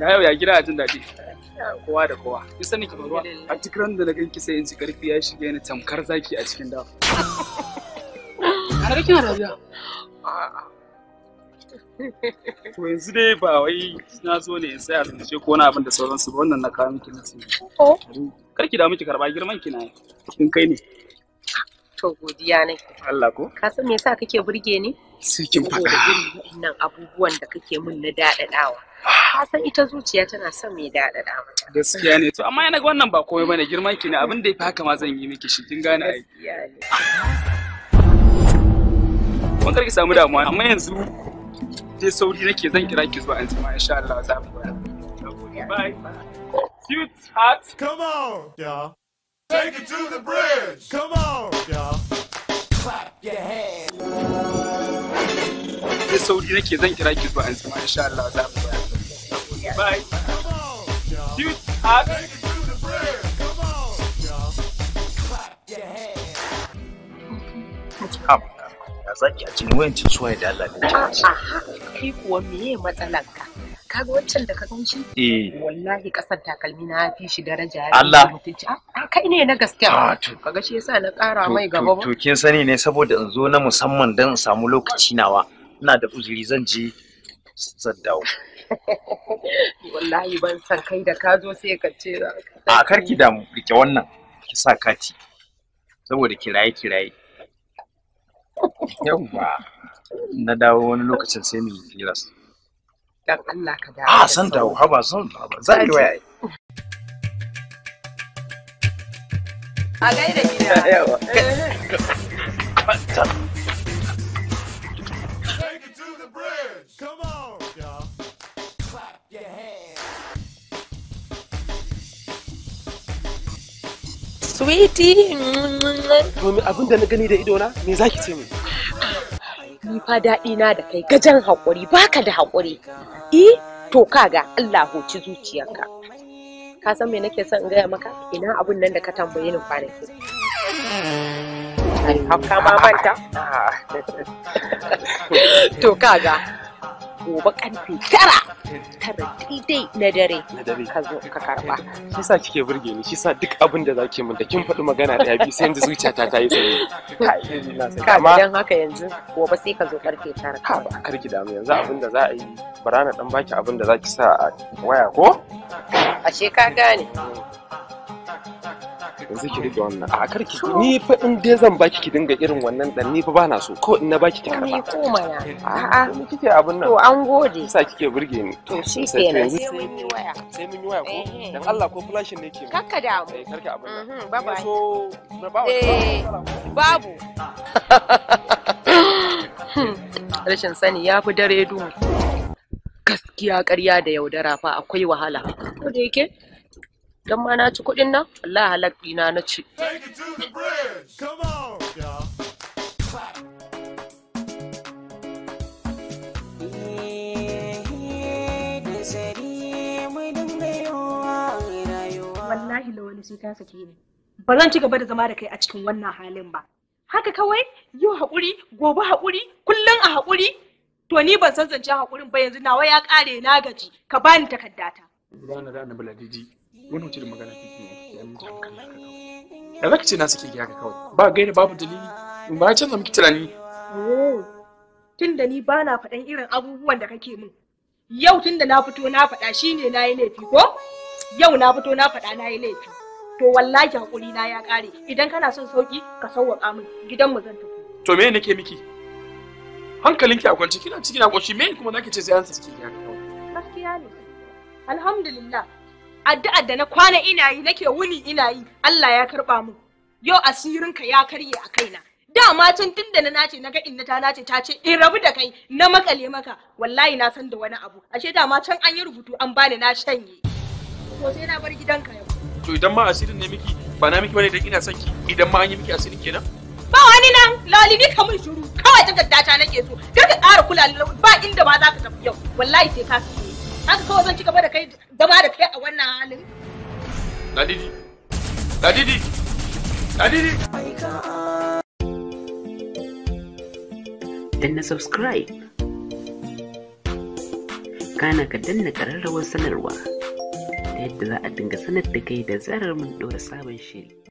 ya yau ya gida a jin daɗi kowa da kowa ki sani ki ruwa a duk ran da na ganki sai in ji karfi ya shige ni tamkar zaki a cikin dawa har kina rabiya to yanzu dai ba wai na zo ne in tsaya zance ko wani abin da sauransu ba wannan na kawo miki na ce oh. kar ki da miki karba girman ki na yi kin kai ne to godiya ne Allah ko ka san me yasa kake burge ni sai kin faɗa wannan abubuwan da kake min na daɗaɗawa ah. ka san ita zuciya tana son mai dada da mata gaskiya ne to amma yana ga wannan ba komai bane girman ki ne abin da yafi haka ma zan yi miki shi kin gane ai Mun karki samu damuwa amma yanzu dai sauri nake zan kira ki zuwa an jima insha Allah za mu bye cute heart come on yeah take it to the bridge come on yeah clap your hands Sau sauri nake zan kira ki zuwa an zama insha Allah za mu Bye. Shoot up. Ya zaki a cikin wayancin suwaye da Allah ne Kai kuwa meye matsalanka? Ka ga wancan da ka gan shi? Eh. Wallahi kasan takalmi na fi shi daraja ya Allah. mutunci. A ah, ah, kai ne na gaskiya. Ah, ka ga shi yasa na ƙara mai gaba ba. To kin sani ne saboda in zo na musamman don in samu lokaci nawa. Ina da uzuri zan je zan wallahi ban san kai da ka zo sai ka ce a karki da mu rike wannan ki sa kati saboda kiraye kiraye yawwa na dawo wani lokacin sai mu yi ras dan Allah ka dawo a san dawo ha ba san ba za a yi waya a gaida gida yawa eh. Sweetie. abin da na gani da idona me ce mu? Ni fa daɗi na da kai gajan haƙuri baka da haƙuri. Eh to kaga Allah hoci zuciyarka. Ka san me nake son in gaya maka? Ina abun nan da ka tambaye ni kwanaki. ma manta? To kaga gobe karfe tara tara daidai na dare ka zo ka karba shi sa kike burge ni shi sa duk abin da zake min da kin faɗi magana da yabi sai yanzu zuciyata ta yi tsaye ka idan haka yanzu gobe sai ka zo karfe tara ka ba kar ki damu yanzu abin da za a yi barana dan baki abin da zaki sa a waya ko ashe ka gane yanzu ki a ki ni fa in dai zan baki ki dinga irin wannan dan ni fa bana so ko in na baki ki karba ko a'a to an gode to shi ke sai sai mun yi waya ko eh. dan mu eh, abin nan mm-hmm, so eh, rashin sani ya fi dare duhu gaskiya karya da yaudara fa akwai wahala ko da yake don ma na ci kuɗin nan Allah halak ɗina na ci. Wallahi Ba zan ci gaba da zama da kai a cikin wannan halin ba. Haka kawai yau haƙuri, gobe haƙuri, kullum a haƙuri. To ni ban san zance haƙurin ba yanzu nawa ya ƙare na gaji, ka bani takardata. Rana da Annabi wannan wace da magana ta ke yi hankali haka da za ka ce na suke gyara kawai ba gaira babu dalili ba canza miki tunani tun da ni ba na faɗan irin abubuwan da kake min yau tun da na fito na faɗa ne na yi laifi ko yau na fito na faɗa na yi laifi to wallahi hakuri na ya ƙare idan kana son sauki ka sauwaka min gidan mu zan tafi to me nake miki hankalinki a kwance kina ciki na ƙoshi me kuma nake ce sai an saki ki haka kawai gaskiya ne alhamdulillah addu'ar da na kwana ina yi nake wuni ina yi Allah ya karba mu yau asirinka ya karye a kaina dama can tun da na nace na ga inna ta nace ta ce in rabu da kai na makale maka wallahi na san da wani abu ashe dama can an yi rubutu an bani na shanye to sai na bar gidanka yau to idan ma asirin ne miki ba na miki bane dan ina son ki idan ma an yi miki asirin kenan ba wani nan lalini ka mun shiru kawai gaddata nake so kar ka ƙara kula ba inda ba za ka tafi yau wallahi sai ka haka kawai zan ci gaba da kai zama da kai a wannan halin ladidi ladidi ladidi danna subscribe kana ka danna ƙararrawar sanarwa ta yadda za a dinga sanar da kai da zarar mun ɗora sabon shiri